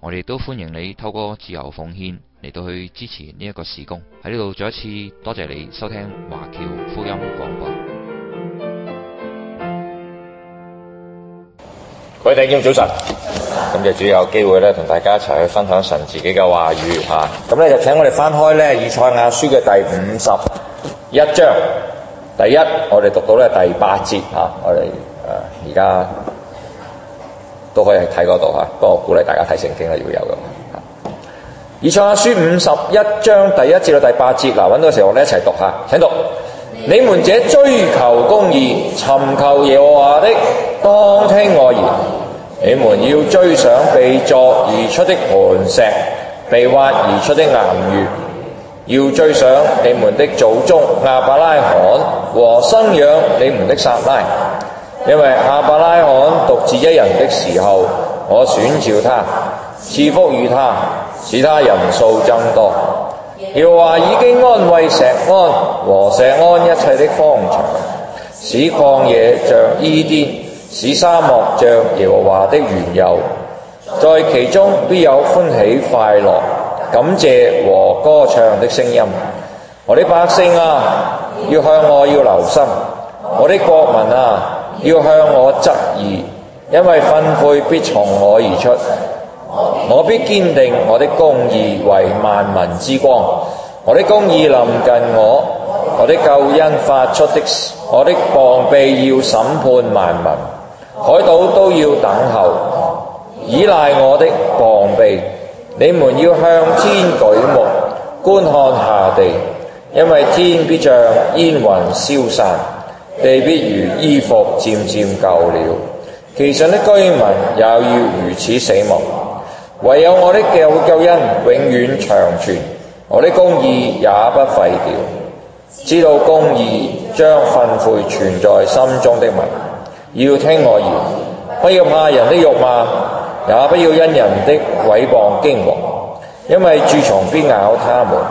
我哋都歡迎你透過自由奉獻嚟到去支持呢一個事工，喺呢度再一次多謝你收聽華僑福音廣播。各位弟兄早晨，今日主要有機會咧，同大家一齊去分享神自己嘅話語吓。咁、啊、咧就請我哋翻開咧以賽亞書嘅第五十一章，第一，我哋讀到咧第八節吓、啊，我哋誒而家。呃都可以睇嗰度吓，不過我鼓勵大家睇聖經啦，要有嘅。以賽亞書五十一章第一節到第八節，嗱，揾到嘅時候，我哋一齊讀一下。請讀： 你們這追求公義、尋求耶和華的，當聽我言；你們要追想被鑿而出的磐石，被挖而出的岩穴，要追想你們的祖宗亞伯拉罕和生養你們的撒拉。因為亞伯拉罕獨自一人的時候，我選召他，賜福與他，使他人數增多。耶和華已經安慰錫安和錫安一切的荒場，使曠野像伊甸，使沙漠像耶和華的園囿，在其中必有歡喜快樂、感謝和歌唱的聲音。我啲百姓啊，要向我要留心，我啲國民啊。要向我質疑，因為訓誨必從我而出，我必堅定我的公義為萬民之光，我的公義臨近我，我的救恩發出的，我的膀臂要審判萬民，海島都要等候，倚賴我的膀臂，你們要向天舉目，觀看下地，因為天必像煙雲消散。地必如衣服漸漸舊了，其實啲居民也要如此死亡，唯有我的救救恩永遠長存，我啲公義也不廢掉。知道公義將憤悔存在心中的民，要聽我言，不要怕人的辱罵，也不要因人的毀謗驚惶，因為蛀蟲必咬他們，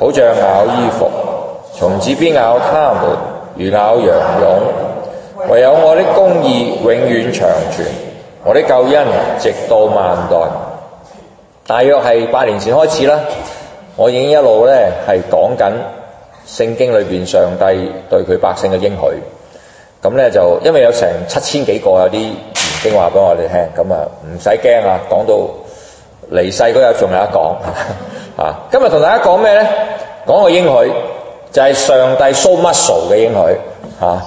好像咬衣服；蟲子必咬他們。如牛羊湧，唯有我的公義永遠長存，我的救恩直到萬代。大約係八年前開始啦，我已經一路咧係講緊聖經裏邊上帝對佢百姓嘅應許。咁咧就因為有成七千幾個有啲言經話俾我哋聽，咁啊唔使驚啊，講到離世嗰日仲有一講啊。今日同大家講咩咧？講個應許。就係上帝 show muscle 嘅應許嚇，呢、啊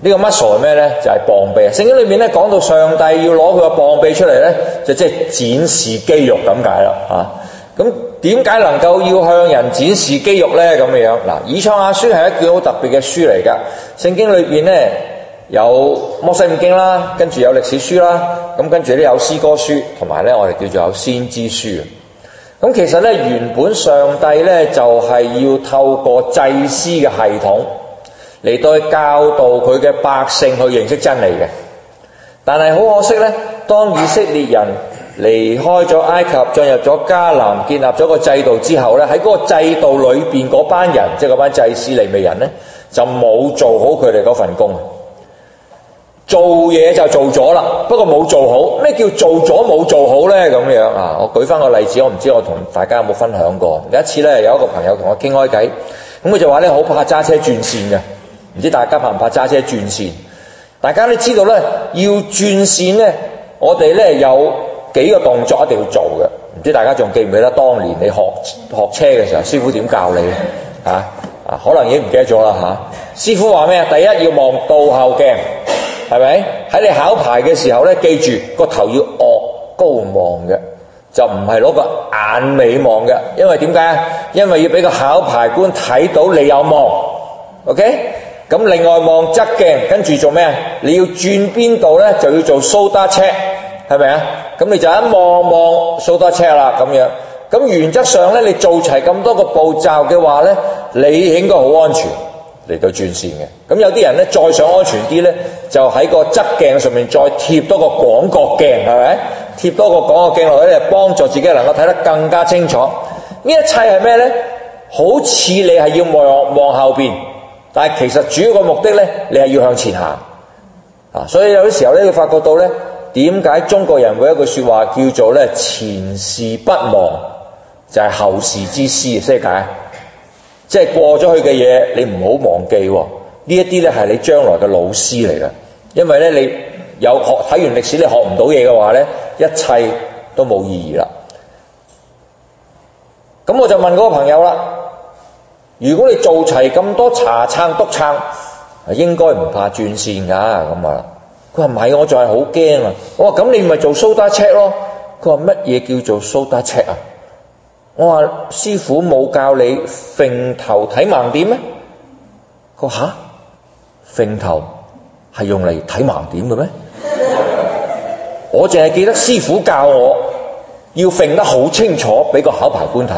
呢個 muscle 係咩呢？就係膀臂啊！聖經裏面咧講到上帝要攞佢個膀臂出嚟咧，就即係展示肌肉咁解啦嚇。咁點解能夠要向人展示肌肉呢？咁樣，以賽亞書係一卷好特別嘅書嚟㗎。聖經裏邊咧有摩西五經啦，跟住有歷史書啦，咁跟住咧有詩歌書，同埋咧我哋叫做有先知書。咁其實咧，原本上帝咧就係要透過祭司嘅系統嚟去教導佢嘅百姓去認識真理嘅。但係好可惜咧，當以色列人離開咗埃及，進入咗迦南，建立咗個制度之後咧，喺嗰個制度裏邊嗰班人，即係嗰班祭司嚟嘅人咧，就冇做好佢哋嗰份工。做嘢就做咗啦，不過冇做好。咩叫做咗冇做好呢？咁樣啊，我舉翻個例子，我唔知我同大家有冇分享過。有一次呢，有一個朋友同我傾開偈，咁佢就話呢，好怕揸車轉線嘅，唔知大家怕唔怕揸車轉線？大家都知道呢，要轉線呢，我哋呢有幾個動作一定要做嘅。唔知大家仲記唔記得當年你學學車嘅時候，師傅點教你呢？啊啊，可能已經唔記得咗啦嚇。師傅話咩？第一要望倒後鏡。係咪？喺你考牌嘅時候咧，記住個頭要昂高望嘅，就唔係攞個眼尾望嘅。因為點解啊？因為要俾個考牌官睇到你有望。OK？咁另外望側鏡，跟住做咩啊？你要轉邊度咧，就要做蘇打車，係咪啊？咁你就一望望蘇打車啦，咁樣。咁原則上咧，你做齊咁多個步驟嘅話咧，你應該好安全。嚟到轉線嘅，咁有啲人呢，再想安全啲呢，就喺個側鏡上面再貼多個廣角鏡，係咪？貼多個廣角鏡落去咧，幫助自己能夠睇得更加清楚。呢一切係咩呢？好似你係要望望後邊，但係其實主要個目的呢，你係要向前行。啊，所以有啲時候呢，你發覺到呢，點解中國人會有句説話叫做咧，前事不忘，就係、是、後事之師，即係點解？即係過咗去嘅嘢，你唔好忘記喎、哦。呢一啲咧係你將來嘅老師嚟嘅，因為咧你有學睇完歷史，你學唔到嘢嘅話咧，一切都冇意義啦。咁我就問嗰個朋友啦，如果你做齊咁多茶撐篤撐，應該唔怕轉線㗎？咁啊，佢話唔係，我仲係好驚啊！我話咁你咪做蘇打尺咯。佢話乜嘢叫做蘇打尺啊？我話師傅冇教你揈頭睇盲點咩？佢話吓，揈頭係用嚟睇盲點嘅咩？ 我淨係記得師傅教我要揈得好清楚，俾個考牌官睇。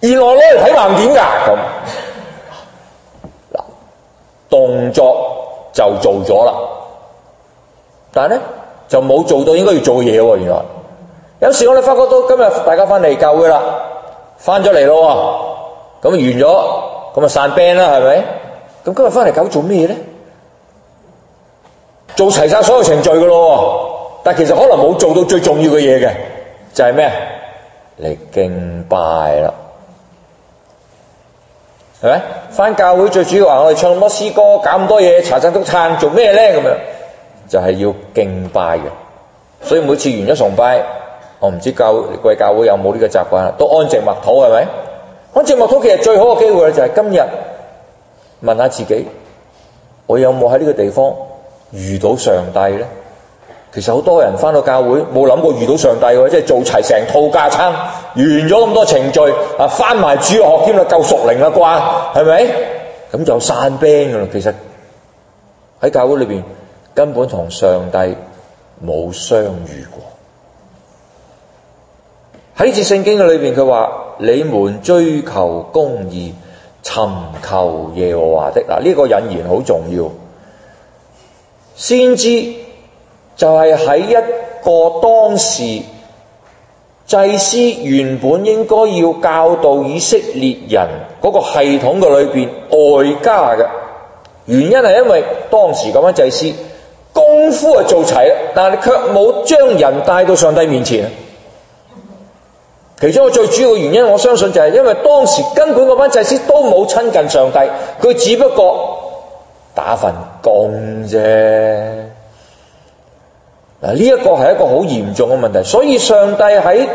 二 來攞嚟睇盲點噶，咁嗱，動作就做咗啦，但係咧就冇做到應該要做嘅嘢，原來。有時我哋發覺到今日大家翻嚟教會啦，翻咗嚟咯，咁完咗，咁啊散兵啦，係咪？咁今日翻嚟搞做咩嘢咧？做齊晒所有程序嘅咯，但其實可能冇做到最重要嘅嘢嘅，就係、是、咩？嚟敬拜啦，係咪？翻教會最主要話，我哋唱咁多詩歌，搞咁多嘢，查擦都撐做咩咧？咁樣就係要敬拜嘅，所以每次完咗崇拜。我唔知教貴教會有冇呢個習慣啊，都安靜默禱，係咪？安靜默禱其實最好嘅機會咧，就係今日問下自己，我有冇喺呢個地方遇到上帝咧？其實好多人翻到教會冇諗過遇到上帝嘅，即係做齊成套架撐，完咗咁多程序啊，翻埋主學兼啦，夠屬靈啦啩，係咪？咁就散兵噶啦，其實喺教會裏邊根本同上帝冇相遇過。喺呢節聖經嘅裏邊，佢話你們追求公義、尋求耶和華的。嗱，呢、這個引言好重要。先知就係、是、喺一個當時祭司原本應該要教導以色列人嗰個系統嘅裏邊外加嘅原因，係因為當時咁樣祭司功夫啊做齊啦，但係卻冇將人帶到上帝面前。其中個最主要嘅原因，我相信就係因為當時根本嗰班祭司都冇親近上帝，佢只不過打份工啫。嗱，呢一個係一個好嚴重嘅問題，所以上帝喺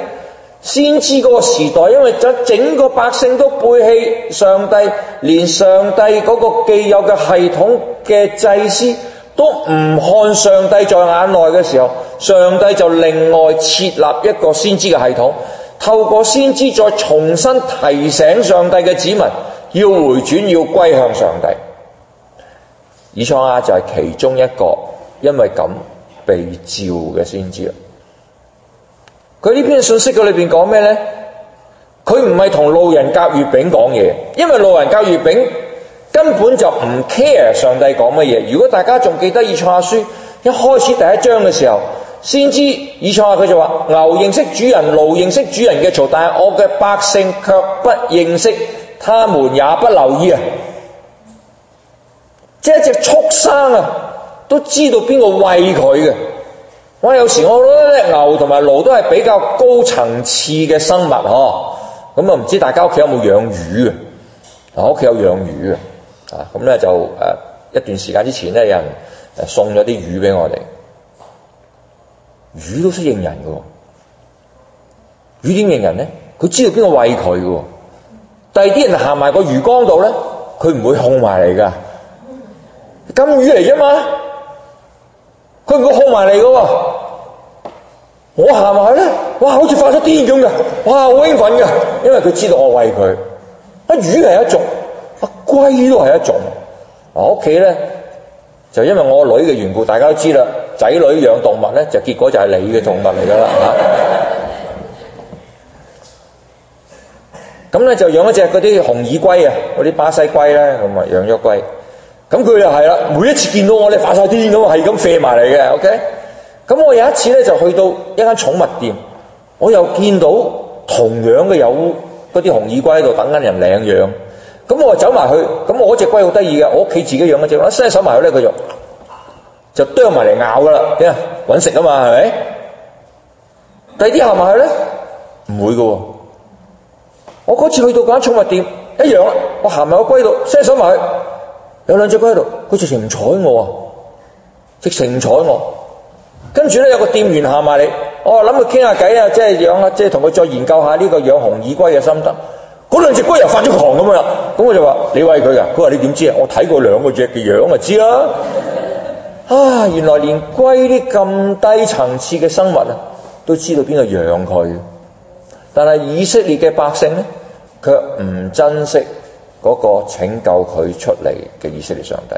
先知嗰個時代，因為整個百姓都背棄上帝，連上帝嗰個既有嘅系統嘅祭司都唔看上帝在眼內嘅時候，上帝就另外設立一個先知嘅系統。透過先知再重新提醒上帝嘅子民要回轉，要歸向上帝。以賽亞就係其中一個，因為咁被召嘅先知。佢呢篇信息嘅裏面講咩咧？佢唔係同路人甲乙丙講嘢，因為路人甲乙丙根本就唔 care 上帝講乜嘢。如果大家仲記得以賽亞書一開始第一章嘅時候。先知，以前佢就話牛認識主人，驢認識主人嘅槽，但係我嘅百姓卻不認識，他們也不留意啊！即係一隻畜生啊，都知道邊個餵佢嘅。我有時我覺得咧牛同埋驢都係比較高層次嘅生物嗬，咁啊唔知大家屋企有冇養魚啊？我屋企有養魚啊，啊咁咧就誒一段時間之前咧有人誒送咗啲魚俾我哋。魚都識認人嘅。哦，魚點識認人咧？佢知道邊個喂佢嘅。第二啲人行埋個魚缸度咧，佢唔會控埋嚟噶。金魚嚟啫嘛，佢唔會控埋嚟嘅。我行埋咧，哇，好似發咗癲咁嘅，哇，好興奮嘅，因為佢知道我喂佢。阿魚係一種，阿龜都係一種。我屋企咧就因為我女嘅緣故，大家都知啦。仔女養動物咧，就結果就係你嘅動物嚟㗎啦嚇。咁咧 就養一隻嗰啲紅耳龜啊，嗰啲巴西龜咧，咁啊養咗龜。咁佢又係啦，每一次見到我咧發晒癲咁啊，係咁射埋嚟嘅。OK。咁我有一次咧就去到一間寵物店，我又見到同樣嘅有嗰啲紅耳龜喺度等緊人領養。咁我走埋去，咁我隻龜好得意嘅，我屋企自己養嗰隻，我一伸手埋去咧，佢就～就啄埋嚟咬噶啦，搵食啊嘛，係咪？第二啲行埋去咧，唔會噶喎。我嗰次去到嗰間寵物店，一樣啦。我行埋個龜度，伸手埋去，有兩隻龜喺度，佢直情唔睬我啊，直情唔睬我。跟住咧，有個店員行埋嚟，我諗佢傾下偈啊，即係養啊，即係同佢再研究下呢個養紅耳龜嘅心得。嗰兩隻龜又犯咗狂咁樣啦，咁我就話你喂佢噶，佢話你點知啊？我睇過兩個隻嘅樣啊，知啦。啊！原來連龜啲咁低層次嘅生物啊，都知道邊度養佢。但係以色列嘅百姓呢，卻唔珍惜嗰個拯救佢出嚟嘅以色列上帝。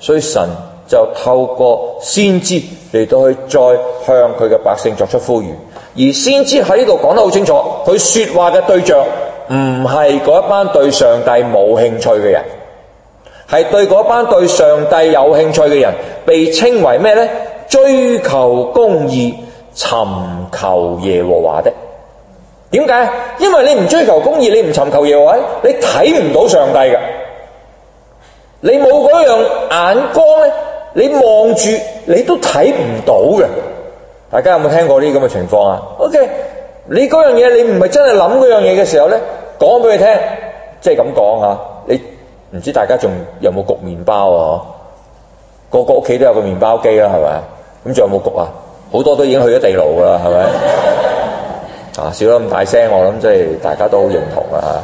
所以神就透過先知嚟到去再向佢嘅百姓作出呼籲。而先知喺呢度講得好清楚，佢說話嘅對象唔係嗰一班對上帝冇興趣嘅人。係對嗰班對上帝有興趣嘅人，被稱為咩呢？追求公義、尋求耶和華的。點解？因為你唔追求公義，你唔尋求耶和華，你睇唔到上帝嘅。你冇嗰樣眼光咧，你望住你都睇唔到嘅。大家有冇聽過呢啲咁嘅情況啊？OK，你嗰樣嘢，你唔係真係諗嗰樣嘢嘅時候呢，講俾佢聽，即係咁講吓。唔知大家仲有冇焗麵包啊？個個屋企都有個麵包機啦，係咪？咁仲有冇焗啊？好多都已經去咗地牢㗎啦，係咪？ 啊，笑得咁大聲，我諗即係大家都好認同啦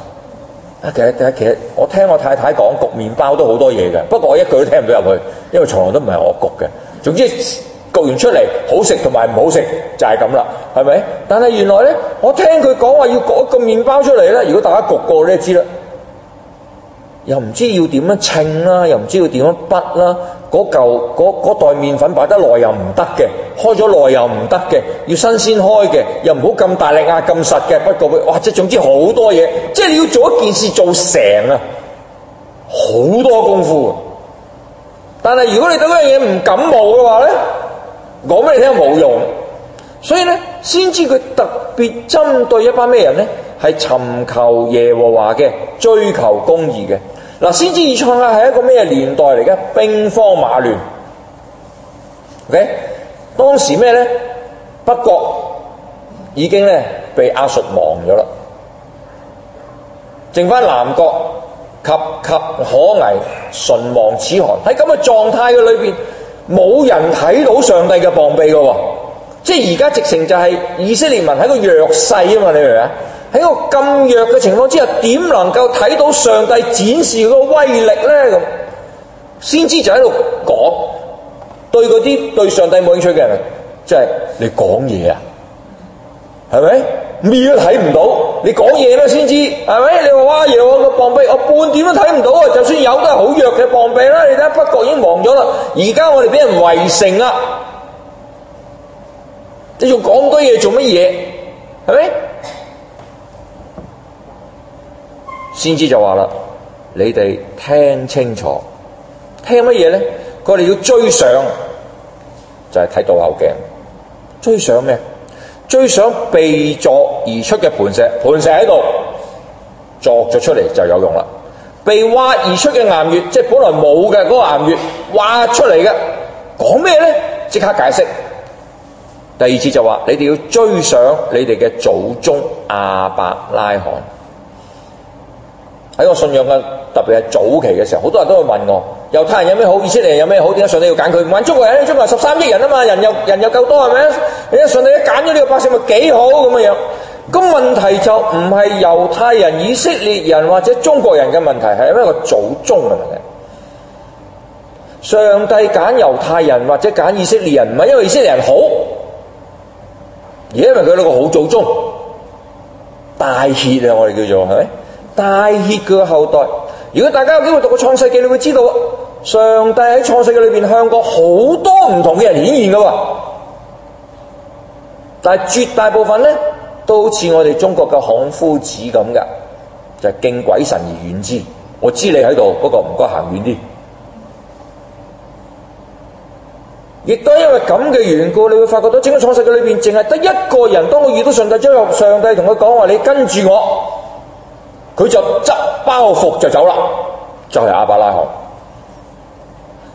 嚇。啊，其實其實其實我聽我太太講焗麵包都好多嘢嘅，不過我一句都聽唔到入去，因為從來都唔係我焗嘅。總之焗完出嚟好食同埋唔好食就係咁啦，係咪？但係原來咧，我聽佢講話要焗一個麵包出嚟咧，如果大家焗過咧，知啦。又唔知要點樣稱啦，又唔知要點樣筆啦，嗰嚿嗰袋麵粉擺得耐又唔得嘅，開咗耐又唔得嘅，要新鮮開嘅，又唔好咁大力壓咁實嘅。不過佢，哇！即係總之好多嘢，即係你要做一件事做成啊，好多功夫。但係如果你對嗰樣嘢唔感冒嘅話咧，講俾你聽冇用。所以咧，先知佢特別針對一班咩人咧，係尋求耶和華嘅，追求公義嘅。嗱，先知二創啊，係一個咩年代嚟嘅？兵荒馬亂，O、okay? K，當時咩咧？北國已經咧被亞述亡咗啦，剩返南國岌岌可危，唇亡齒寒。喺咁嘅狀態嘅裏邊，冇人睇到上帝嘅膀臂嘅喎，即係而家直情就係以色列民喺一個弱勢啊嘛，你明唔明？喺個咁弱嘅情況之下，點能夠睇到上帝展示佢個威力咧？咁先知就喺度講，對嗰啲對上帝冇興趣嘅，人，即係你講嘢啊，係咪？咩都睇唔到，你講嘢啦，先知，係咪？你話哇、啊，爺我個膀臂，我半點都睇唔到啊！就算有都係好弱嘅膀臂啦。你睇北國已經亡咗啦，而家我哋俾人圍城啊！你仲講多嘢做乜嘢？係咪？先知就話啦，你哋聽清楚，聽乜嘢咧？佢哋要追上，就係睇倒後鏡。追上咩？追上被鑿而出嘅盤石，盤石喺度鑿咗出嚟就有用啦。被挖而出嘅岩穴，即係本來冇嘅嗰個岩穴挖出嚟嘅，講咩咧？即刻解釋。第二節就話，你哋要追上你哋嘅祖宗阿伯拉罕。喺我信仰嘅，特別係早期嘅時候，好多人都會問我：猶太人有咩好，以色列人有咩好？點解上帝要揀佢？唔揀中國人，中國人十三億人啊嘛，人又人又夠多係咪？你話上帝一揀咗呢個百姓咪幾好咁樣樣？咁問題就唔係猶太人、以色列人或者中國人嘅問題，係因為個祖宗嘅問題。上帝揀猶太人或者揀以色列人，唔係因為以色列人好，而係因為佢哋個好祖宗，大賊啊！我哋叫做係咪？是大血嘅後代，如果大家有機會讀過創世記，你會知道上帝喺創世記裏邊向過好多唔同嘅人顯現嘅，但係絕大部分咧都好似我哋中國嘅孔夫子咁嘅，就係敬鬼神而遠之。我知你喺度，不過唔該行遠啲。亦都因為咁嘅緣故，你會發覺到整個創世記裏邊，淨係得一個人。當我遇到上帝之後，將上帝同佢講話：你跟住我。佢就執包袱就走啦，就係亞伯拉罕。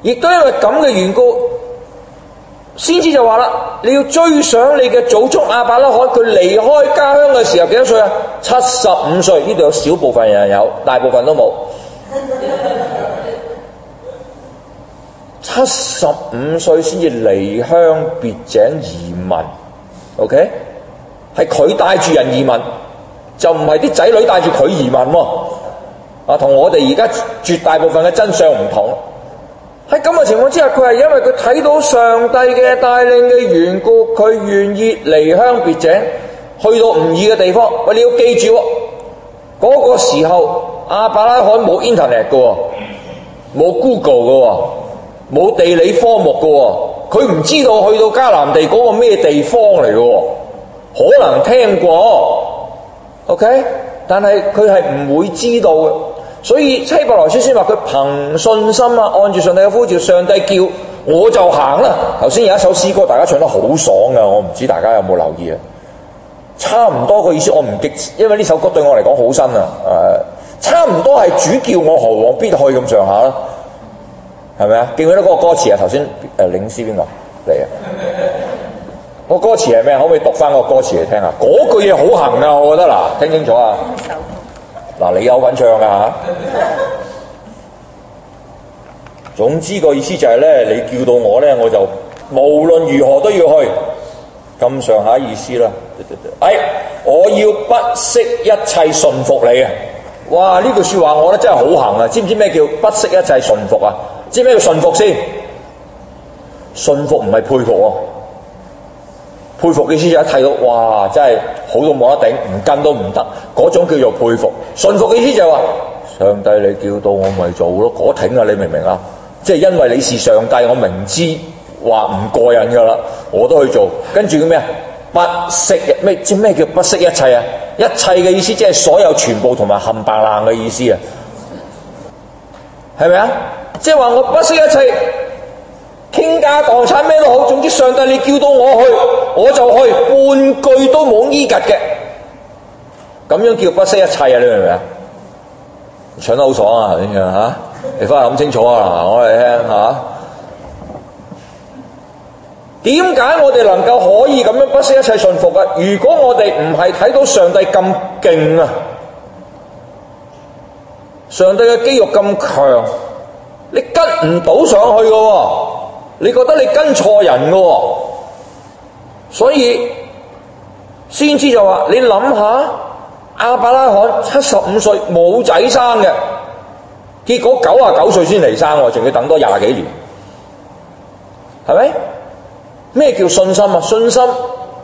亦都因為咁嘅緣故，先知就話啦，你要追上你嘅祖宗亞伯拉罕。佢離開家鄉嘅時候幾多歲啊？七十五歲。呢度有少部分人有，大部分都冇。七十五歲先至離鄉別井移民，OK？係佢帶住人移民。就唔係啲仔女帶住佢移民喎，啊，同我哋而家絕大部分嘅真相唔同。喺咁嘅情況之下，佢係因為佢睇到上帝嘅帶領嘅緣故，佢願意離鄉別井，去到唔易嘅地方。喂、哎，你要記住，嗰、嗰個時候阿伯拉罕冇 Internet 嘅，冇 Google 嘅，冇地理科目嘅，佢唔知道去到迦南地嗰個咩地方嚟嘅，可能聽過。O、okay? K，但係佢係唔會知道嘅，所以希伯來書先話佢憑信心啊，按住上帝嘅呼召，上帝叫我就行啦。頭先有一首詩歌，大家唱得好爽噶，我唔知大家有冇留意啊？差唔多個意思，我唔記，因為呢首歌對我嚟講好新啊。誒、呃，差唔多係主叫我何往必去咁上下啦，係咪啊？記唔記得嗰個歌詞啊？頭先誒，領詩邊個嚟嘅？個歌詞係咩？可唔可以讀翻個歌詞嚟聽下？嗰句嘢好行啊！我覺得嗱，聽清楚啊！嗱手，你有份唱噶吓。啊、 總之個意思就係、是、咧，你叫到我咧，我就無論如何都要去。咁上下意思啦。哎，我要不惜一切順服你啊！哇，呢句說話我覺得真係好行啊！知唔知咩叫不惜一切順服，服，服，服啊？知咩叫順服先？順服唔係佩服哦。佩服嘅意思就一睇到，哇！真係好到冇得頂，唔跟都唔得，嗰種叫做佩服。信服嘅意思就係話：上帝，你叫到我咪做咯，嗰頂啦、啊，你明唔明啊？即係因為你是上帝，我明知話唔過癮噶啦，我都去做。跟住叫咩？不惜咩？即咩叫不惜一切啊？一切嘅意思即係所有全部同埋冚白爛嘅意思啊？係咪啊？即係話我不惜一切。傾家蕩產咩都好，總之上帝你叫到我去，我就去，半句都冇異議嘅。咁樣叫不惜一切啊！你明唔明啊？唱得好爽啊！啲嘢嚇，你翻去諗清楚啊！我嚟聽嚇，點解我哋能夠可以咁樣不惜一切信服啊？如果我哋唔係睇到上帝咁勁啊，上帝嘅肌肉咁強，你跟唔到上去噶、啊。你覺得你跟錯人嘅、哦，所以先知就話：你諗下，亞伯拉罕七十五歲冇仔生嘅，結果九十九歲先嚟生，仲要等多廿幾年，係咪？咩叫信心啊？信心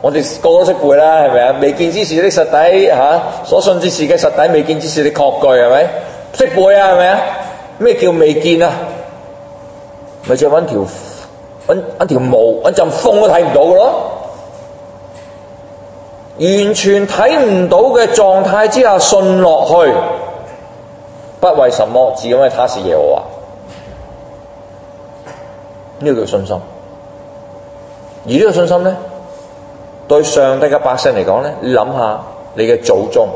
我哋個個都識背啦，係咪啊？未見之事嘅實底嚇、啊，所信之事嘅實底，未見之事嘅確據係咪？識背啊，係咪啊？咩叫未見啊？咪著揾條。一條毛，一陣風都睇唔到嘅咯，完全睇唔到嘅狀態之下，信落去，不為什麼，只因為他是耶和華，呢個叫信心。而呢個信心咧，對上帝嘅百姓嚟講咧，你諗下你嘅祖宗，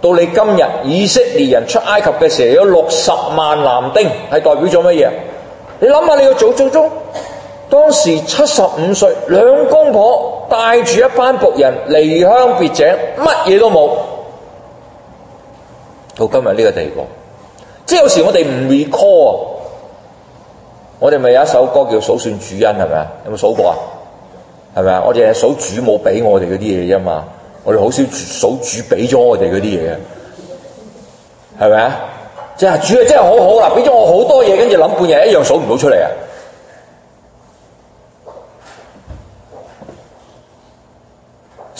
到你今日以色列人出埃及嘅時候有六十萬男丁，係代表咗乜嘢？你諗下你嘅祖祖宗。當時七十五歲，兩公婆帶住一班僕人離鄉別井，乜嘢都冇，到今日呢個地步。即有時我哋唔 recall 啊，我哋咪有一首歌叫數算主恩，係咪啊？有冇數過啊？係咪啊？我哋數主冇俾我哋嗰啲嘢啫嘛，我哋、就是、好少數主俾咗我哋嗰啲嘢嘅，係咪啊？即係主啊，真係好好啦，俾咗我好多嘢，跟住諗半日一樣數唔到出嚟啊！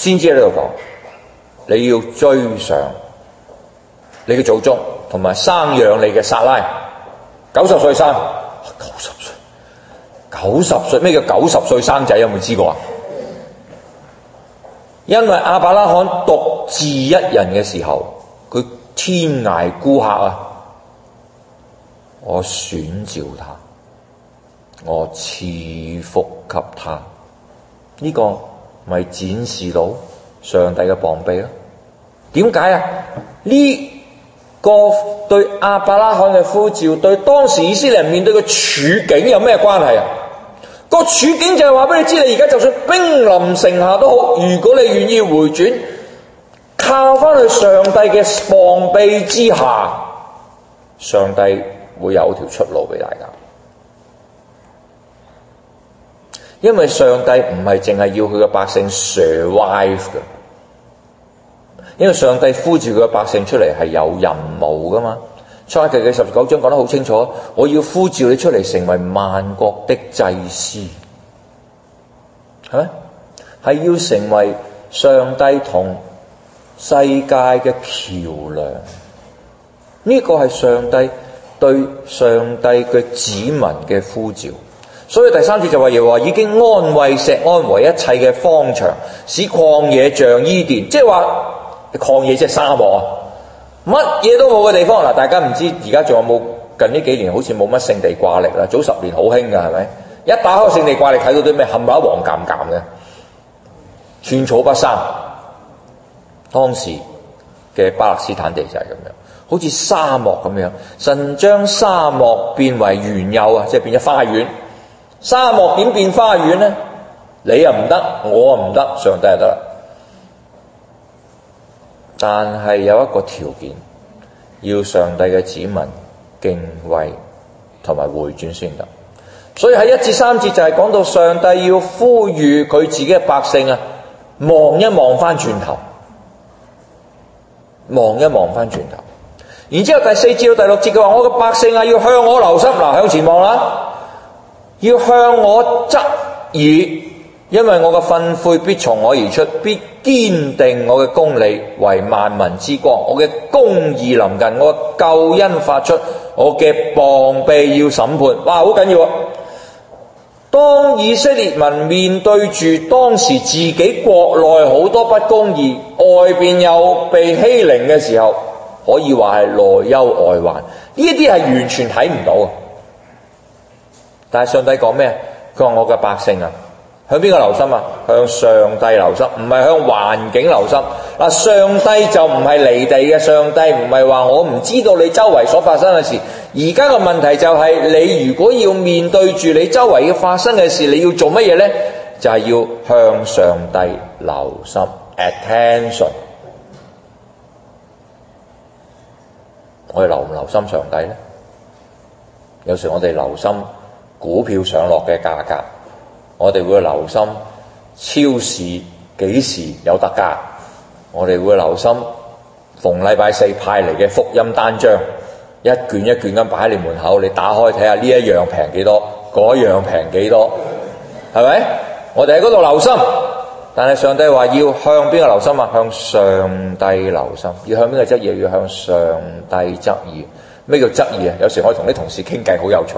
先知喺度講，你要追上你嘅祖宗同埋生養你嘅撒拉。九十歲生九十歲，九十歲咩叫九十歲生仔？有冇知過啊？因為亞伯拉罕獨自一人嘅時候，佢天涯孤客啊！我選召他，我賜福給他，呢、這個。咪展示到上帝嘅膀臂咯？點解啊？呢、這個對阿伯拉罕嘅呼召，對當時以色列人面對嘅處境有咩關係啊？個處境就係話俾你知，你而家就算兵臨城下都好，如果你願意回轉，靠翻去上帝嘅膀臂之下，上帝會有條出路俾大家。因為上帝唔係淨係要佢嘅百姓 survive 噶，因為上帝呼召佢嘅百姓出嚟係有任務噶嘛。出埃及記嘅十九章講得好清楚，我要呼召你出嚟成為萬國的祭司，係咪？係要成為上帝同世界嘅橋樑。呢、這個係上帝對上帝嘅子民嘅呼召。所以第三節就話，要話已經安慰錫安，安慰一切嘅荒場，使曠野像伊甸，即係話曠野即係沙漠啊，乜嘢都冇嘅地方嗱。大家唔知而家仲有冇，近呢幾年好似冇乜聖地掛曆啦。早十年好興㗎，係咪？一打開聖地掛曆睇到啲咩，冚唪唥黃澑澑嘅，寸草不生。當時嘅巴勒斯坦地就係咁樣，好似沙漠咁樣。神將沙漠變為園囿啊，即係變咗花園。沙漠點變花園呢，你又唔得，我唔得，上帝就得。但係有一個條件，要上帝嘅子民敬畏同埋回轉先得。所以喺一至三節就係講到上帝要呼籲佢自己嘅百姓啊，望一望翻轉頭，望一望翻轉頭。然之後第四節到第六節佢話，我嘅百姓啊，要向我流失嗱，向前望啦。要向我質疑，因為我嘅訓誨必從我而出，必堅定我嘅公理為萬民之光。我嘅公義臨近，我嘅救恩發出，我嘅膀臂要審判。哇，好緊要啊！當以色列民面對住當時自己國內好多不公義，外邊又被欺凌嘅時候，可以話係內憂外患。呢啲係完全睇唔到。但係上帝講咩？佢話：我嘅百姓啊，向邊個留心啊？向上帝留心，唔係向環境留心。嗱，上帝就唔係離地嘅上帝，唔係話我唔知道你周圍所發生嘅事。而家嘅問題就係、是、你如果要面對住你周圍要發生嘅事，你要做乜嘢呢？就係、是、要向上帝留心，Attention。我哋留唔留心上帝呢？有時候我哋留心。股票上落嘅價格，我哋會留心超市幾時有特價，我哋會留心逢禮拜四派嚟嘅福音單張，一卷一卷咁擺喺你門口，你打開睇下呢一樣平幾多，嗰樣平幾多，係咪？我哋喺嗰度留心，但係上帝話要向邊個留心啊？向上帝留心，要向邊個質疑？要向上帝質疑。咩叫質疑啊？有時我同啲同事傾偈好有趣。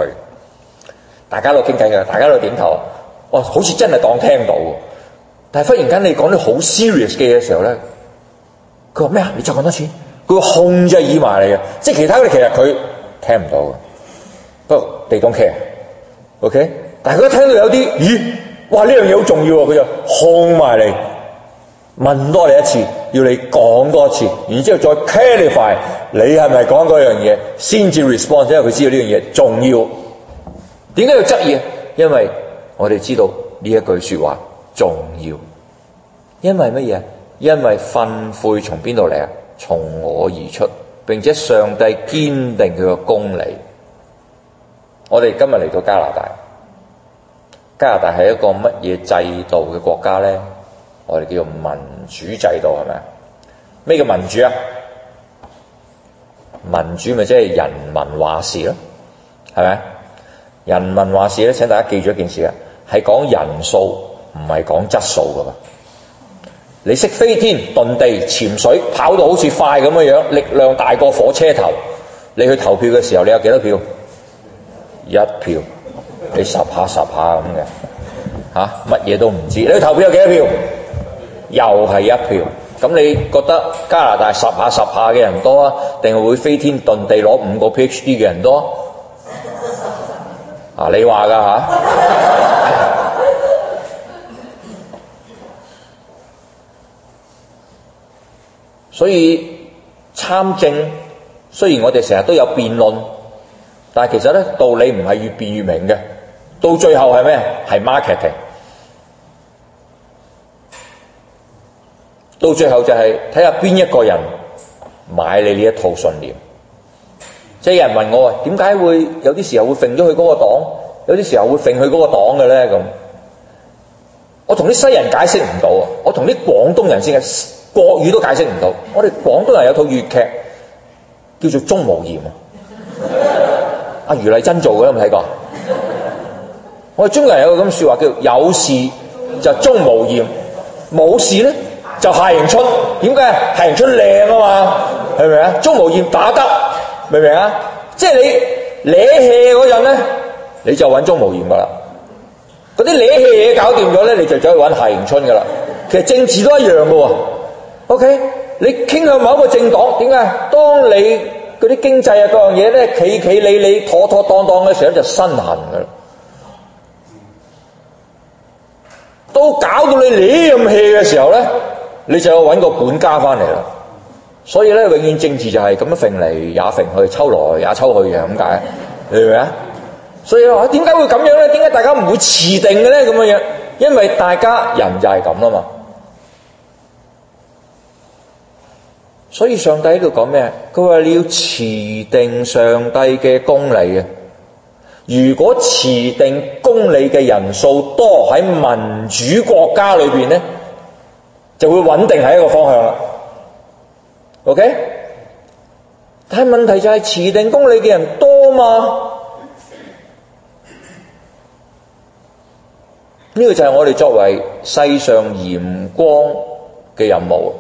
大家都傾偈嘅，大家都點頭，哦，好似真係當聽到。但係忽然間你講啲好 serious 嘅嘢時候咧，佢話咩啊？你賺咁多錢？佢控制耳埋嚟嘅，即係其他嘅其實佢聽唔到嘅。不過你 don't care，OK？但係佢一聽到有啲，咦？哇！呢樣嘢好重要，佢就控埋嚟，問多你一次，要你講多次，然之後再 clarify 你係咪講嗰樣嘢，先至 respond，因為佢知道呢樣嘢重要。點解要質疑？因為我哋知道呢一句說話重要。因為乜嘢？因為訓誨從邊度嚟啊？從我而出，並且上帝堅定佢個公理。我哋今日嚟到加拿大，加拿大係一個乜嘢制度嘅國家咧？我哋叫做民主制度，係咪啊？咩叫民主啊？民主咪即係人民話事咯，係咪？人民話事咧，請大家記住一件事啊，係講人數，唔係講質素噶。你識飛天遁地潛水跑到好似快咁嘅樣，力量大過火車頭，你去投票嘅時候，你有幾多票？一票。你十下十下咁嘅，吓、啊，乜嘢都唔知。你去投票有幾多票？又係一票。咁你覺得加拿大十下十下嘅人多啊，定係會飛天遁地攞五個 PhD 嘅人多？你話㗎吓，所以參政雖然我哋成日都有辯論，但係其實道理唔係越辯越明嘅，到最後係咩？係 marketing。到最後就係睇下邊一個人買你呢一套信念。即係有人問我啊，點解會有啲時候會揈咗去嗰個黨，有啲時候會揈去嗰個黨嘅咧咁？我同啲西人解釋唔到啊，我同啲廣東人先係國語都解釋唔到。我哋廣東人有套粵劇叫做《鍾無艷》啊，阿余麗珍做嘅有冇睇過？我哋中國人有個咁説話叫有事就鍾無艷，冇事咧就夏迎春。點解啊？夏迎春靚啊嘛，係咪啊？鍾無艷打得。明唔明啊？即係你惹氣嗰陣咧，你就搵鍾無艷噶啦。嗰啲惹氣嘢搞掂咗咧，你就走去搵夏迎春噶啦。其實政治都一樣噶喎。OK，你傾向某一個政黨，點解？當你嗰啲經濟啊各樣嘢咧企企理理妥妥當當嘅時候，就身痕噶啦。到搞到你惹咁氣嘅時候咧，你就要搵個管家翻嚟啦。所以咧，永遠政治就係咁樣揈嚟也揈去，抽來也抽去嘅咁解，你明唔明啊？所以話點解會咁樣咧？點解大家唔會持定嘅咧？咁嘅樣，因為大家人就係咁啊嘛。所以上帝喺度講咩？佢話你要持定上帝嘅公理啊！如果持定公理嘅人數多喺民主國家裏邊咧，就會穩定喺一個方向啦。OK，但係問題就係持定公理嘅人多嘛？呢、這個就係我哋作為世上鹽光嘅任務。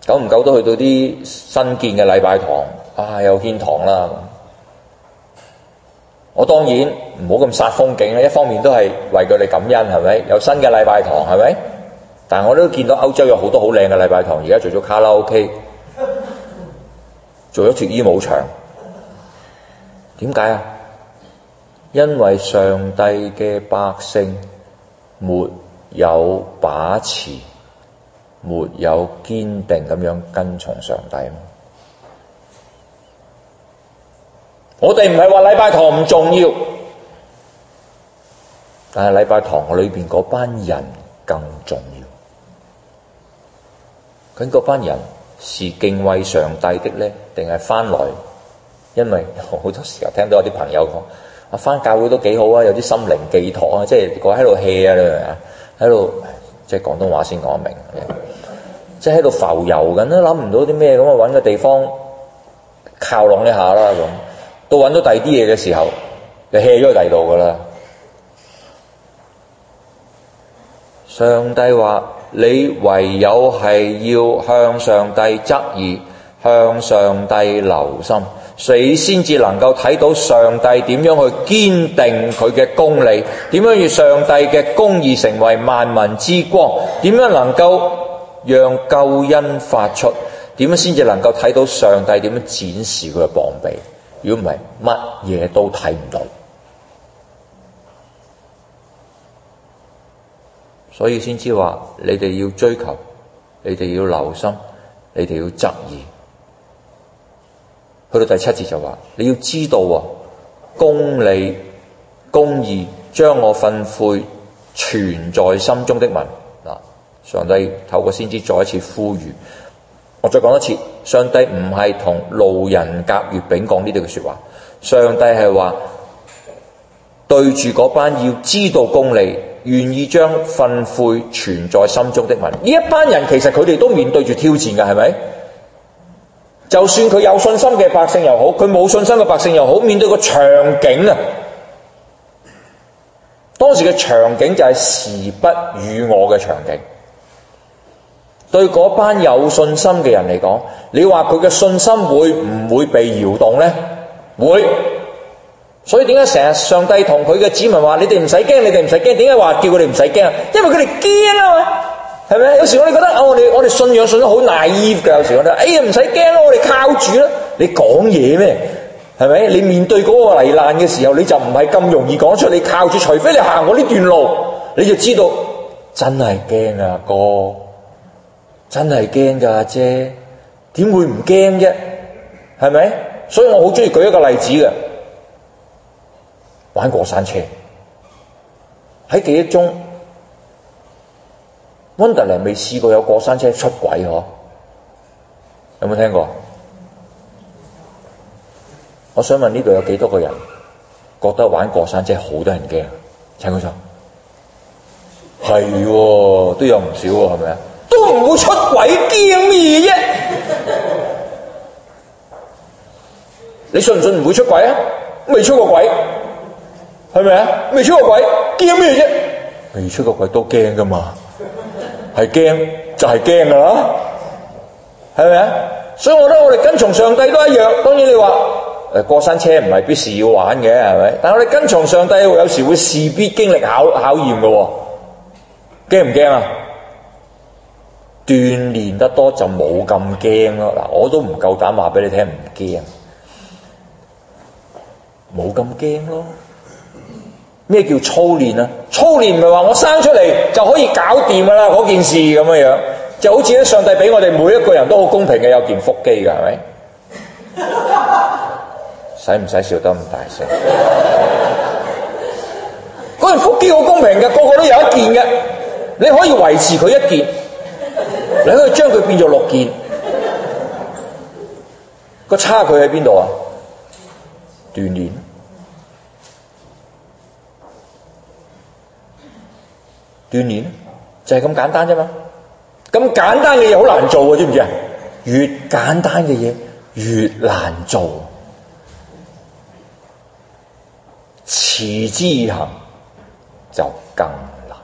久唔久都去到啲新建嘅禮拜堂啊，有獻堂啦。我當然唔好咁殺風景，一方面都係為佢哋感恩，係咪？有新嘅禮拜堂，係咪？但係我都見到歐洲有好多好靚嘅禮拜堂，而家做咗卡拉 OK，做咗脫衣舞場。點解啊？因為上帝嘅百姓沒有把持，沒有堅定咁樣跟從上帝。我哋唔係話禮拜堂唔重要，但係禮拜堂裏邊嗰班人更重要。佢嗰班人是敬畏上帝的呢定係返來？因為好多時候聽到有啲朋友講啊，我返教會都幾好啊，有啲心靈寄託啊，即係個喺度 hea 啊，你明唔明啊？喺度即係廣東話先講明，即係喺度浮遊緊，都諗唔到啲咩，咁啊揾個地方靠攏一下啦咁。到揾到第二啲嘢嘅時候，就 hea 咗喺第二度㗎喇。上帝話。你唯有係要向上帝質疑，向上帝留心，誰先至能夠睇到上帝點樣去堅定佢嘅公理，點樣讓上帝嘅公義成為萬民之光，點樣能夠讓救恩發出，點樣先至能夠睇到上帝點樣展示佢嘅膀臂？如果唔係，乜嘢都睇唔到。所以先知話，你哋要追求，你哋要留心，你哋要質疑。去到第七節就話，你要知道啊，公理公義將我訓誨存在心中的民嗱，上帝透過先知再一次呼籲。我再講一次，上帝唔係同路人甲乙丙講呢啲嘅說話，上帝係話對住嗰班要知道公理。願意將訓誨存在心中的民，呢一班人其實佢哋都面對住挑戰嘅，係咪？就算佢有信心嘅百姓又好，佢冇信心嘅百姓又好，面對個場景啊！當時嘅場景就係時不與我嘅場景。對嗰班有信心嘅人嚟講，你話佢嘅信心會唔會被搖動呢？會。所以點解成日上帝同佢嘅子民話，你哋唔使驚，你哋唔使驚？點解話叫佢哋唔使驚？因為佢哋驚啊嘛，係咪？有時我哋覺得哦，我哋我哋信仰信得好 naive 嘅，有時我哋覺得哎呀唔使驚咯，我哋靠住啦。你講嘢咩？係咪？你面對嗰個危難嘅時候，你就唔係咁容易講出。你靠住，除非你行過呢段路，你就知道真係驚啊哥，真係驚噶阿姐，點會唔驚啫？係咪？所以我好中意舉一個例子嘅。玩過山車，喺記憶中，安德良未試過有過山車出軌嗬，有冇聽過？我想問呢度有幾多個人覺得玩過山車好得人驚？請佢授係，都有唔少係咪啊？是是都唔會， 會出軌，驚咩啫？你信唔信唔會出軌啊？未出過軌。係咪啊？未出過軌驚咩啫？未出過軌都驚噶嘛，係驚就係驚啦，係咪啊？所以我覺得我哋跟從上帝都一樣。當然你話誒，過山車唔係必須要玩嘅，係咪？但係我哋跟從上帝有時會事必經歷考考驗嘅，驚唔驚啊？鍛煉得多就冇咁驚咯。嗱，我都唔夠膽話俾你聽唔驚，冇咁驚咯。咩叫操練啊？操練咪話我生出嚟就可以搞掂噶啦，嗰件事咁樣樣，就好似咧上帝俾我哋每一個人都好公平嘅，有件腹肌噶係咪？使唔使笑得咁大聲？嗰 件腹肌好公平嘅，個個都有一件嘅，你可以維持佢一件，你可以將佢變做六件，個 差距喺邊度啊？鍛煉。鍛煉就係、是、咁簡單啫嘛，咁簡單嘅嘢好難做知唔知啊？越簡單嘅嘢越難做，持之以恒就更難。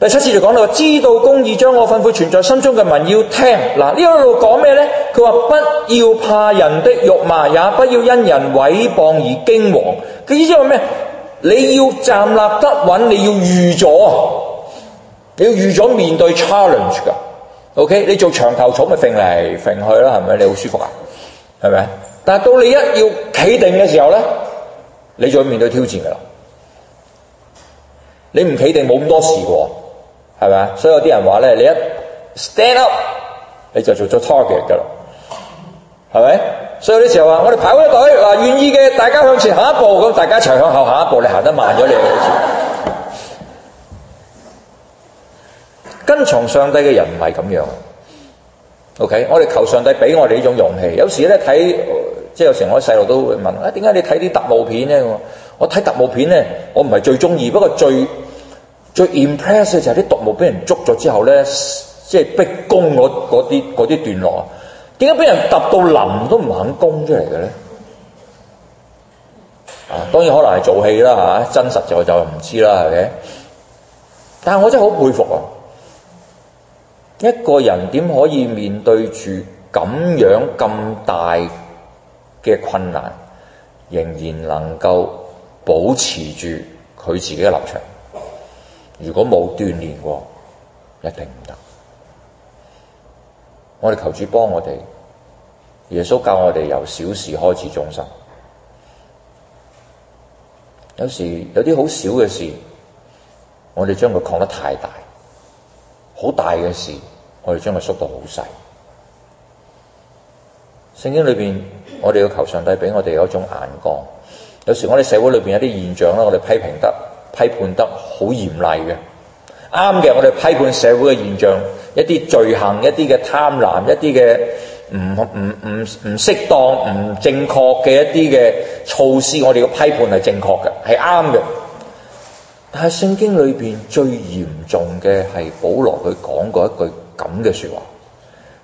第七節就講到，知道公義，將我訓誨存在心中嘅民要聽。嗱，呢一路講咩咧？佢話不要怕人的辱罵，也不要因人毀謗而驚惶。佢意思係咩？你要站立得穩，你要預咗，你要預咗面對 challenge 噶。OK，你做長頭草咪揈嚟揈去啦，係咪？你好舒服啊，係咪？但係到你一要企定嘅時候咧，你就要面對挑戰噶啦。你唔企定冇咁多事噶，係咪？所以有啲人話咧，你一 stand up，你就做咗 target 噶啦，係咪？所以有啲時候話：我哋排好咗隊，願意嘅大家向前行一步，咁大家一齊向後行一步，你行得慢咗你。跟從上帝嘅人唔係咁樣。OK，我哋求上帝俾我哋呢種勇氣。有時咧睇，即係有時我啲細路都會問：啊，點解你睇啲特務片呢？我我睇特務片呢，我唔係最鍾意，不過最最 impress 嘅就係啲特務俾人捉咗之後咧，即係逼供嗰嗰嗰啲段落。點解俾人揼到腍都唔肯供出嚟嘅咧？啊，當然可能係做戲啦嚇，真實就就唔知啦，係咪？但係我真係好佩服啊！一個人點可以面對住咁樣咁大嘅困難，仍然能夠保持住佢自己嘅立場？如果冇鍛鍊過，一定唔得。我哋求主幫我哋，耶穌教我哋由小事開始終身。有時有啲好小嘅事，我哋將佢擴得太大；好大嘅事，我哋將佢縮到好細。聖經裏面，我哋要求上帝俾我哋一種眼光。有時我哋社會裏面有啲現象，我哋批評得、批判得好嚴厲嘅，啱嘅我哋批判社會嘅現象。一啲罪行、一啲嘅貪婪、一啲嘅唔唔唔唔適當、唔正確嘅一啲嘅措施，我哋嘅批判係正確嘅，係啱嘅。但係聖經裏邊最嚴重嘅係保羅佢講過一句咁嘅說話，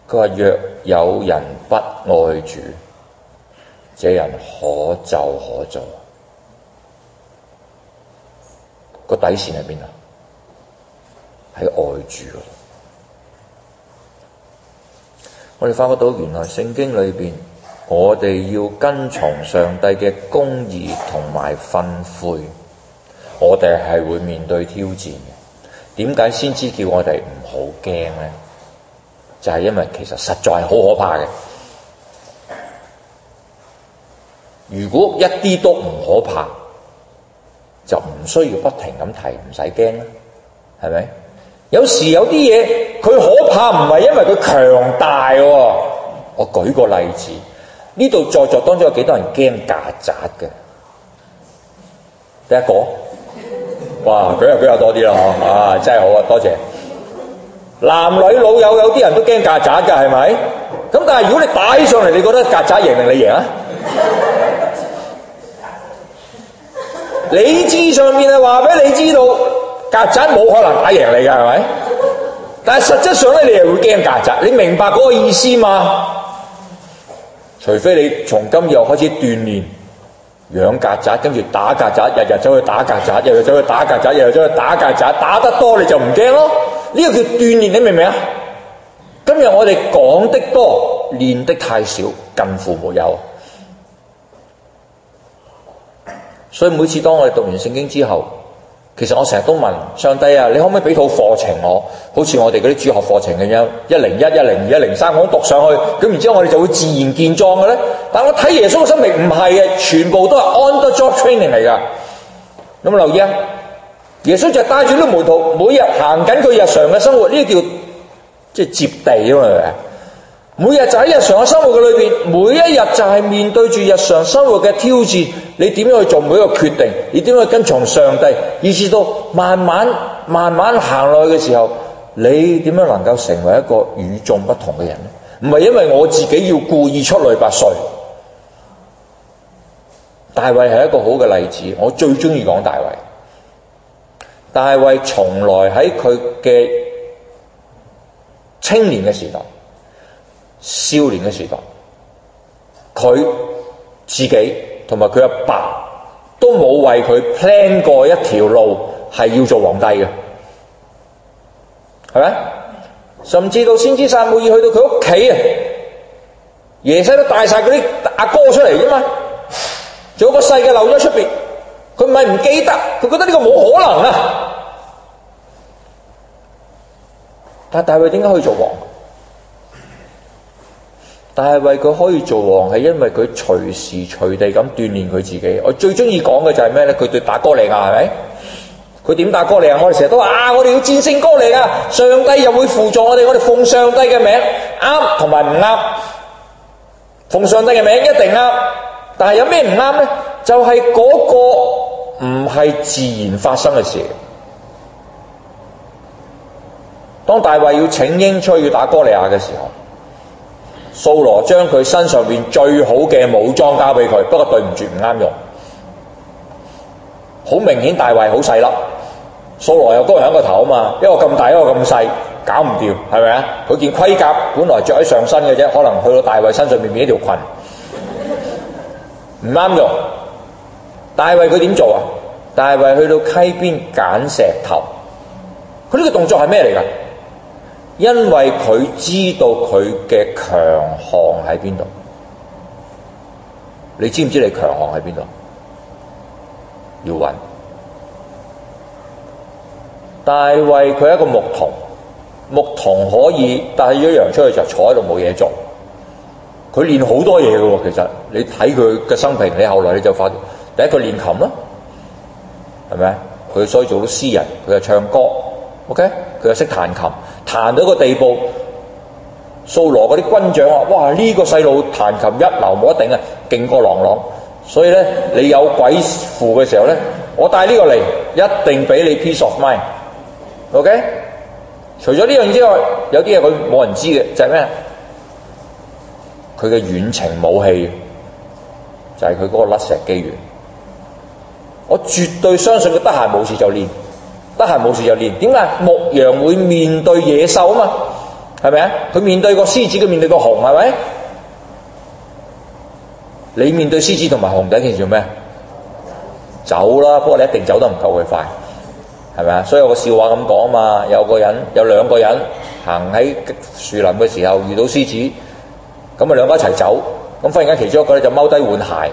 佢話，若有人不愛主，這人可詛可咒。個底線喺邊啊？係愛主啊！我哋發覺到，原來聖經裏邊，我哋要跟從上帝嘅公義同埋訓誨，我哋係會面對挑戰嘅。點解先知叫我哋唔好驚咧？就係因為其實實在係好可怕嘅。如果一啲都唔可怕，就唔需要不停咁提唔使驚啦，係咪？有時有啲嘢佢可怕，唔係因為佢強大喎、哦。我舉個例子，呢度在座當中有幾多人驚曱甴嘅？第一個，哇，舉又比較多啲啦嚇，啊，真係好啊，多謝。男女老幼有啲人都驚曱甴㗎，係咪？咁但係如果你擺上嚟，你覺得曱甴贏定你贏啊？ 理智上面係話俾你知道。曱甴冇可能打贏你噶，係咪？但係實質上咧，你又會驚曱甴。你明白嗰個意思嘛？除非你從今日開始鍛煉養曱甴，跟住打曱甴，日日走去打曱甴，日日走去打曱甴，日日走去打曱甴，打得多你就唔驚咯。呢個叫鍛煉，你明唔明啊？今日我哋講得多，練得太少，近乎沒有。所以每次當我哋讀完聖經之後，其實我成日都問上帝啊，你可唔可以俾套課程我？好似我哋嗰啲主學課程咁樣，一零一、一零二、一零三，我讀上去，咁然之後我哋就會自然健壯嘅咧。但我睇耶穌嘅生命唔係嘅，全部都係 on the job training 嚟噶。有、嗯、冇留意啊？耶穌就帶住啲門徒，每日行緊佢日常嘅生活，呢啲叫即係、就是、接地啊嘛。係咪？每日就喺日常嘅生活嘅裏邊，每一日就係面對住日常生活嘅挑戰，你點樣去做每一個決定？你點樣去跟從上帝？以至到慢慢慢慢行落去嘅時候，你點樣能夠成為一個與眾不同嘅人咧？唔係因為我自己要故意出類拔萃。大衛係一個好嘅例子，我最鍾意講大衛。大衛從來喺佢嘅青年嘅時代。少年嘅時代，佢自己同埋佢阿爸都冇為佢 plan 過一條路係要做皇帝嘅，係咪？甚至到先知撒母耳去到佢屋企啊，耶西都帶晒嗰啲阿哥出嚟啫嘛，仲有個細嘅漏咗出邊，佢唔係唔記得，佢覺得呢個冇可能啊，但係大衛點解可以做王？大衛佢可以做王，係因為佢隨時隨地咁鍛煉佢自己。我最中意講嘅就係咩呢？佢對打哥利亞係咪？佢點打哥利亞？我哋成日都話啊，我哋要戰勝哥利亞，上帝又會輔助我哋，我哋奉上帝嘅名，啱同埋唔啱。奉上帝嘅名一定啱，但係有咩唔啱呢？就係、是、嗰個唔係自然發生嘅事。當大衛要請纓要打哥利亞嘅時候，素羅將佢身上面最好嘅武裝交俾佢，不過，對唔住，唔啱用。好明顯大衛好細粒，掃羅又高人響個頭啊嘛，一個咁大一個咁細，搞唔掂係咪啊？佢件盔甲本來着喺上身嘅啫，可能去到大衛身上面變一條裙，唔啱用。大衛佢點做啊？大衛去到溪邊揀石頭，佢呢個動作係咩嚟㗎？因為佢知道佢嘅強項喺邊度，你知唔知你強項喺邊度？要搵大衛，佢一個牧童，牧童可以帶住羊出去就坐喺度冇嘢做。佢練好多嘢嘅喎，其實你睇佢嘅生平，你後來你就發現，第一佢練琴啦，係咪？佢所以做到詩人，佢又唱歌，OK，佢又識彈琴。彈到個地步，掃羅嗰啲軍長話：哇呢個細路彈琴一流，冇得頂啊，勁過朗朗。所以咧，你有鬼附嘅時候咧，我帶呢個嚟，一定俾你 peace of mind。OK？除咗呢樣之外，有啲嘢佢冇人知嘅，就係咩？佢嘅遠程武器，就係佢嗰個甩石機弦。我絕對相信佢得閒冇事就練。得閒冇事就練，點解？牧羊會面對野獸啊嘛，係咪啊？佢面對個獅子，佢面對個熊，係咪？你面對獅子同埋熊，第一件事做咩？走啦，不過你一定走得唔夠佢快，係咪啊？所以有個笑話咁講啊嘛，有個人，有兩個人行喺樹林嘅時候遇到獅子，咁啊兩個一齊走，咁忽然間其中一個咧就踎低換鞋。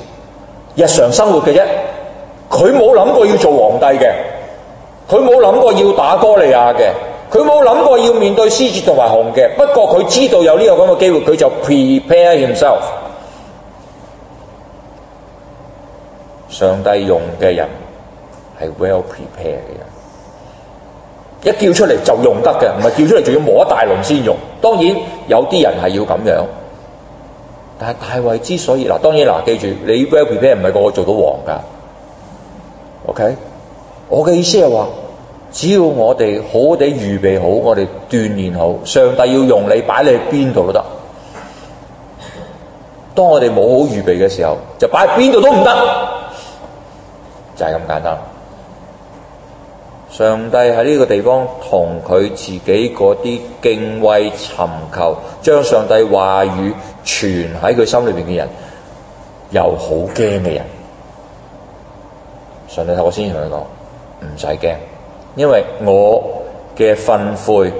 日常生活嘅啫，佢冇諗過要做皇帝嘅，佢冇諗過要打哥利亞嘅，佢冇諗過要面對獅子同埋熊嘅。不過佢知道有呢個咁嘅機會，佢就 prepare himself。上帝用嘅人係 well prepared 嘅人，一叫出嚟就用得嘅，唔係叫出嚟仲要摸一大輪先用。當然有啲人係要咁樣。但係大衛之所以嗱，當然嗱，記住你 well prepared 唔係個個做到王㗎，OK？我嘅意思係話，只要我哋好好地預備好，我哋鍛煉好，上帝要用你，擺你去邊度都得。當我哋冇好預備嘅時候，就擺邊度都唔得，就係咁簡單。上帝喺呢個地方同佢自己嗰啲敬畏、尋求、將上帝話語存喺佢心裏邊嘅人，又好驚嘅人。上帝頭，我先同佢講，唔使驚，因為我嘅訓誨、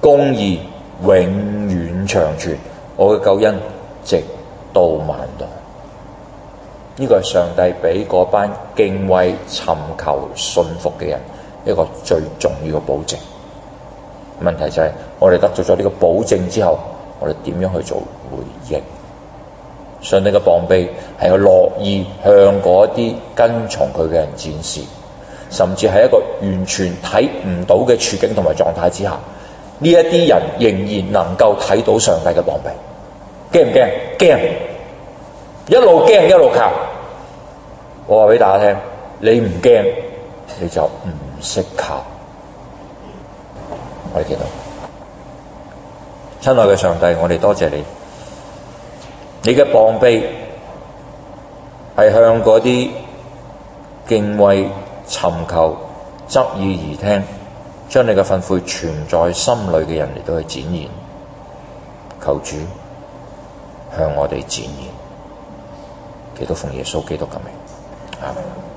公義永遠長存，我嘅救恩直到萬代。呢、這個係上帝俾嗰班敬畏、尋求、信服嘅人。一個最重要嘅保證，問題就係、是、我哋得到咗呢個保證之後，我哋點樣去做回應？上帝嘅膀臂係有樂意向嗰一啲跟從佢嘅人展示，甚至係一個完全睇唔到嘅處境同埋狀態之下，呢一啲人仍然能夠睇到上帝嘅膀臂，驚唔驚？驚，一路驚一路靠。我話俾大家聽，你唔驚你就唔。唔識靠。我哋見到，親 愛嘅上帝，我哋多謝你，你嘅膀臂，係向嗰啲敬畏、尋求、執意而聽，將你嘅訓誨存在心裏嘅人嚟到去展現，求主向我哋展現，求多奉耶穌基督嘅名啊！Amen.